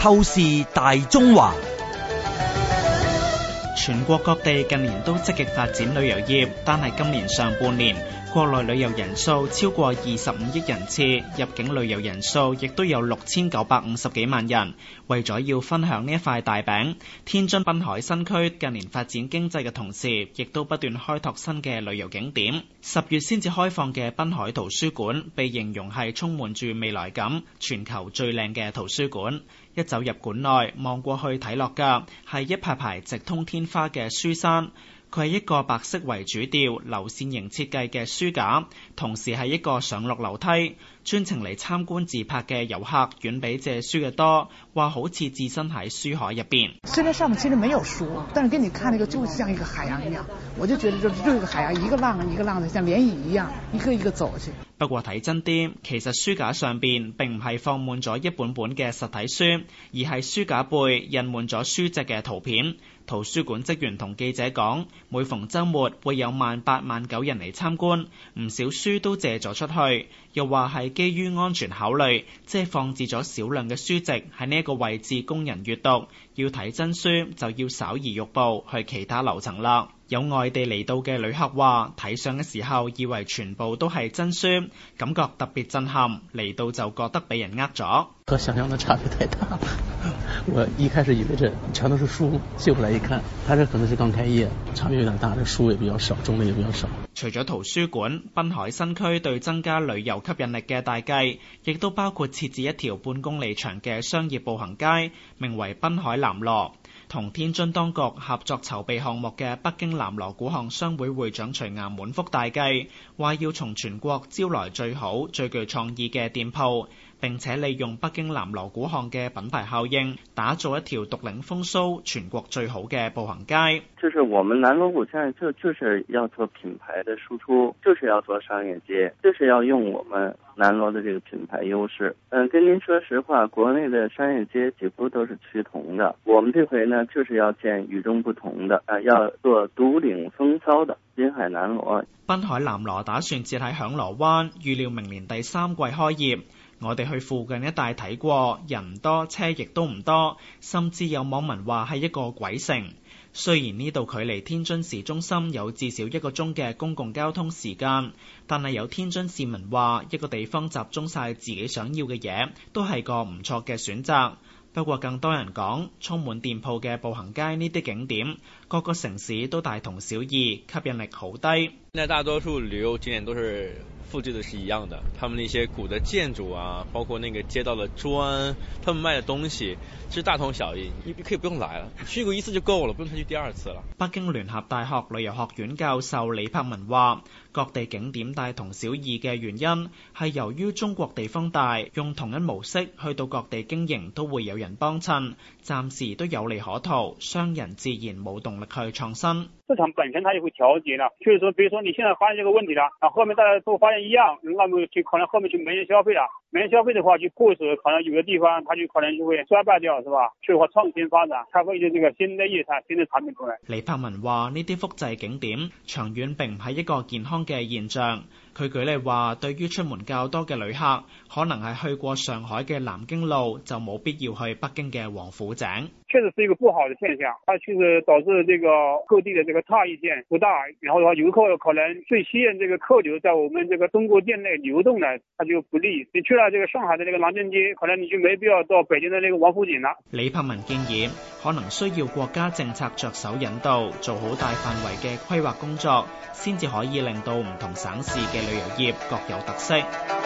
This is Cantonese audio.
透視大中華，全國各地近年都積極發展旅遊業，但係今年上半年，國內旅遊人數超過二十五億人次，入境旅遊人數亦都有六千九百五十幾萬人。為咗要分享呢一塊大餅，天津濱海新區近年發展經濟嘅同時，亦都不斷開拓新嘅旅遊景點。十月先至開放嘅濱海圖書館，被形容係充滿住未來感，全球最靚嘅圖書館。一走入館內，望過去睇落嘅係一排排直通天花嘅書山。佢係一個白色為主調、流線型設計嘅書架，同時係一個上落樓梯。專程嚟參觀自拍嘅遊客遠比借書嘅多，話好似置身喺書海入邊，雖然上面其實沒有書，但是跟你看呢個，就像一個海洋一樣，我就覺得就就是個海洋，一個浪一個浪嘅，像漣漪一樣，一個一個走去。不過睇真啲，其實書架上邊並唔係放滿咗一本本嘅實體書，而係書架背印滿咗書籍嘅圖片。圖書館職員同記者講，每逢週末會有萬八萬九人嚟參觀，唔少書都借咗出去。又話係基於安全考慮，即係放置咗少量嘅書籍喺呢一個位置供人閲讀。要睇真書就要稍移玉步去其他樓層啦。有外地嚟到嘅旅客話：睇相嘅時候以為全部都係真書，感覺特別震撼；嚟到就覺得俾人呃咗。和想象的差別太大了，我一開始以為這全都是書，寄回來一看，它這可能是剛開業，差別有點大，這書也比較少，種類也比較少。除咗圖書館，濱海新區對增加旅遊吸引力嘅大計，亦都包括設置一條半公里長嘅商業步行街，名為濱海南路。同天津當局合作籌備項目嘅北京南鑼鼓巷商會會長徐岩滿腹大計，話要從全國招來最好、最具創意嘅店鋪。並且利用北京南鑼鼓巷嘅品牌效應，打造一條獨領風騷全國最好嘅步行街。就是我們南鑼鼓巷就是、就是要做品牌的輸出，就是要做商業街，就是要用我們南鑼的這個品牌優勢。嗯、呃，跟您說實話，國內的商業街幾乎都是趨同的。我們這回呢，就是要建與眾不同的，啊、呃，要做獨領風騷的。濱海南鑼，濱海南鑼打算設喺響螺灣，預料明年第三季開業。我哋去附近一帶睇過，人唔多，車亦都唔多，甚至有網民話係一個鬼城。雖然呢度距離天津市中心有至少一個鐘嘅公共交通時間，但係有天津市民話，一個地方集中晒自己想要嘅嘢，都係個唔錯嘅選擇。不過更多人講，充滿店鋪嘅步行街呢啲景點，各個城市都大同小異，吸引力好低。大多數旅遊景點都是複製的是一樣的，他們那些古的建築啊，包括那個街道的磚，他們賣的東西其實大同小異，你可以不用來了。去過一次就夠了，不用再去第二次了。北京聯合大學旅遊學院教授李柏文話，各地景點大同小異嘅原因係由於中國地方大，用同一模式去到各地經營，都會有人幫襯，暫時都有利可圖，商人自然冇動力去創新。市場本身它就會調節啦，就是說，比如說你現在發現這個問題啦，啊，後面大家都發現，一樣，那麼就可能後面就沒人消費了，沒人消費的話就過時，可能有的地方它就可能就會衰敗掉，是吧？缺乏創新發展，它會這個新的業態、新的產品出來。李柏文話，呢啲複製景點，長遠並唔係一個健康嘅現象。佢舉例話，對於出門較多嘅旅客，可能係去過上海嘅南京路，就冇必要去北京嘅王府井。確實是一個不好的現象，它確實導致這個各地的這個差異性不大，然後的話遊客可能最吸引這個客流在我們這個中國境內流動呢，它就不利。你去了這個上海的那個南京街，可能你就沒必要到北京的那個王府井啦。李柏文建議，可能需要國家政策着手引導，做好大範圍嘅規劃工作，先至可以令到唔同省市嘅。旅遊業各有特色。